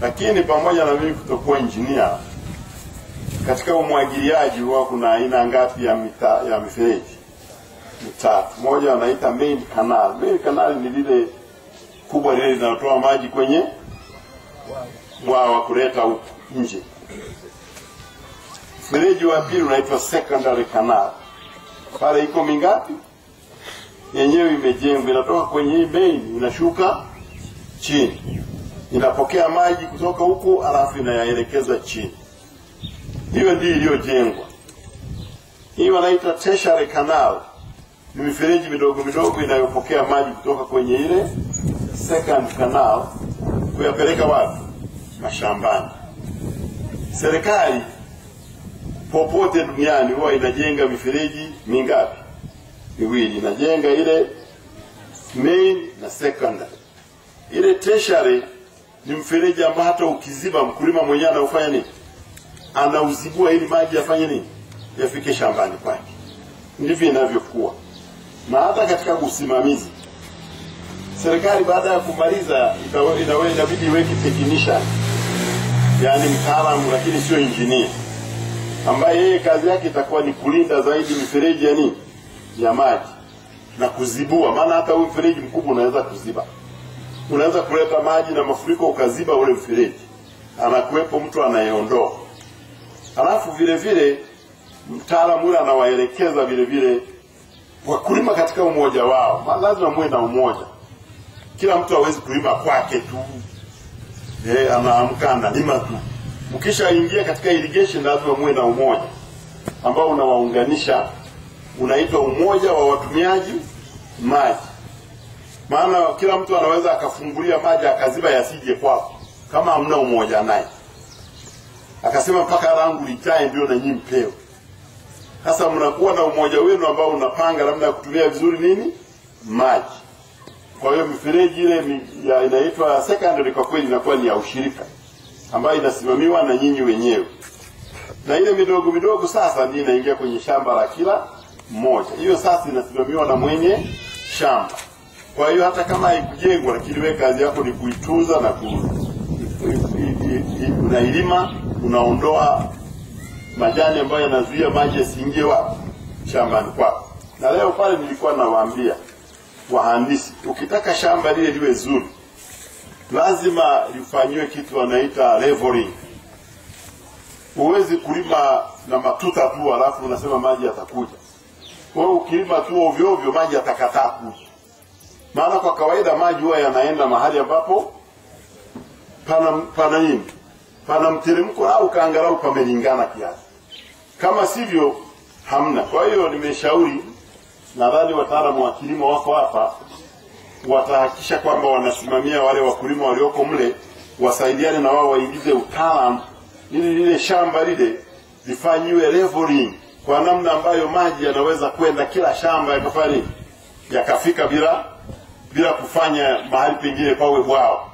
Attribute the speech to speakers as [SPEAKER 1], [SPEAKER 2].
[SPEAKER 1] Lakini pamoja na mimi kutokuwa injinia, katika umwagiliaji huwa kuna aina ngapi ya mita, ya mifereji? Mitatu. Moja wanaita main canal. Main canal ni lile kubwa lile linatoa maji kwenye bwawa kuleta nje. Mfereji wa pili unaitwa secondary canal. Pale iko mingapi? Yenyewe imejengwa inatoka kwenye main inashuka chini inapokea maji kutoka huku alafu inayaelekeza chini. Hiyo ndio iliyojengwa. Hii wanaita tertiary canal, ni mifereji midogo midogo inayopokea maji kutoka kwenye ile second canal kuyapeleka wapi? Mashambani. Serikali popote duniani huwa inajenga mifereji mingapi? Miwili. Inajenga ile main na secondary. Ile tertiary ni mfereji ambao hata ukiziba mkulima mwenyewe anaufanya nini? Anauzibua ili maji yafanye nini? Yafike shambani kwake. Ndivyo inavyokuwa. Na hata katika usimamizi, serikali baada ya kumaliza inaweza inabidi iweke technician, yaani mtaalamu, lakini sio injinia, ambaye yeye kazi yake itakuwa ni kulinda zaidi mifereji ya nini ya maji na kuzibua, maana hata huu mfereji mkubwa unaweza kuziba unaanza kuleta maji na mafuriko ukaziba ule mfereji, anakuwepo mtu anayeondoa. Alafu vile vile mtaalamu ule anawaelekeza vile vile wakulima katika umoja wao, lazima muwe na umoja. Kila mtu hawezi kulima kwake tu, e, anaamka analima tu. Mkishaingia katika irrigation, lazima muwe na umoja ambao unawaunganisha, unaitwa umoja wa watumiaji maji maana kila mtu anaweza akafungulia maji akaziba yasije kwako kama hamna umoja naye. Akasema mpaka langu lijae ndio na nyinyi mpeo. Sasa mnakuwa na umoja wenu ambao unapanga labda ya kutumia vizuri nini maji. Kwa hiyo mifereji ile inaitwa secondary kwa kweli inakuwa ni ya ushirika ambayo inasimamiwa na nyinyi wenyewe, na ile midogo midogo sasa ndio inaingia kwenye shamba la kila mmoja. Hiyo sasa inasimamiwa na mwenye shamba. Kwa hiyo hata kama haikujengwa, lakini wewe kazi yako ni kuituza na ku, unailima, unaondoa majani ambayo yanazuia maji yasiingie wapi shambani kwako. Na leo pale nilikuwa nawaambia wahandisi, ukitaka shamba lile liwe zuri, lazima lifanyiwe kitu wanaita leveling. Huwezi kulima na matuta tu alafu unasema maji yatakuja. hiyo ukilima tu ovyo ovyo, maji yatakataa kuja maana kwa kawaida maji huwa yanaenda mahali ambapo pana, pana nini pana mteremko au kaangalau pamelingana kiasi, kama sivyo hamna. Kwa hiyo nimeshauri, nadhani wataalamu wa kilimo wako hapa watahakisha kwamba wanasimamia wale wakulima walioko mle, wasaidiane na wao waingize utaalamu ili lile shamba lile lifanyiwe leveling kwa namna ambayo maji yanaweza kwenda kila shamba yakafanya yakafika bila bila kufanya mahali pengine pawe bwao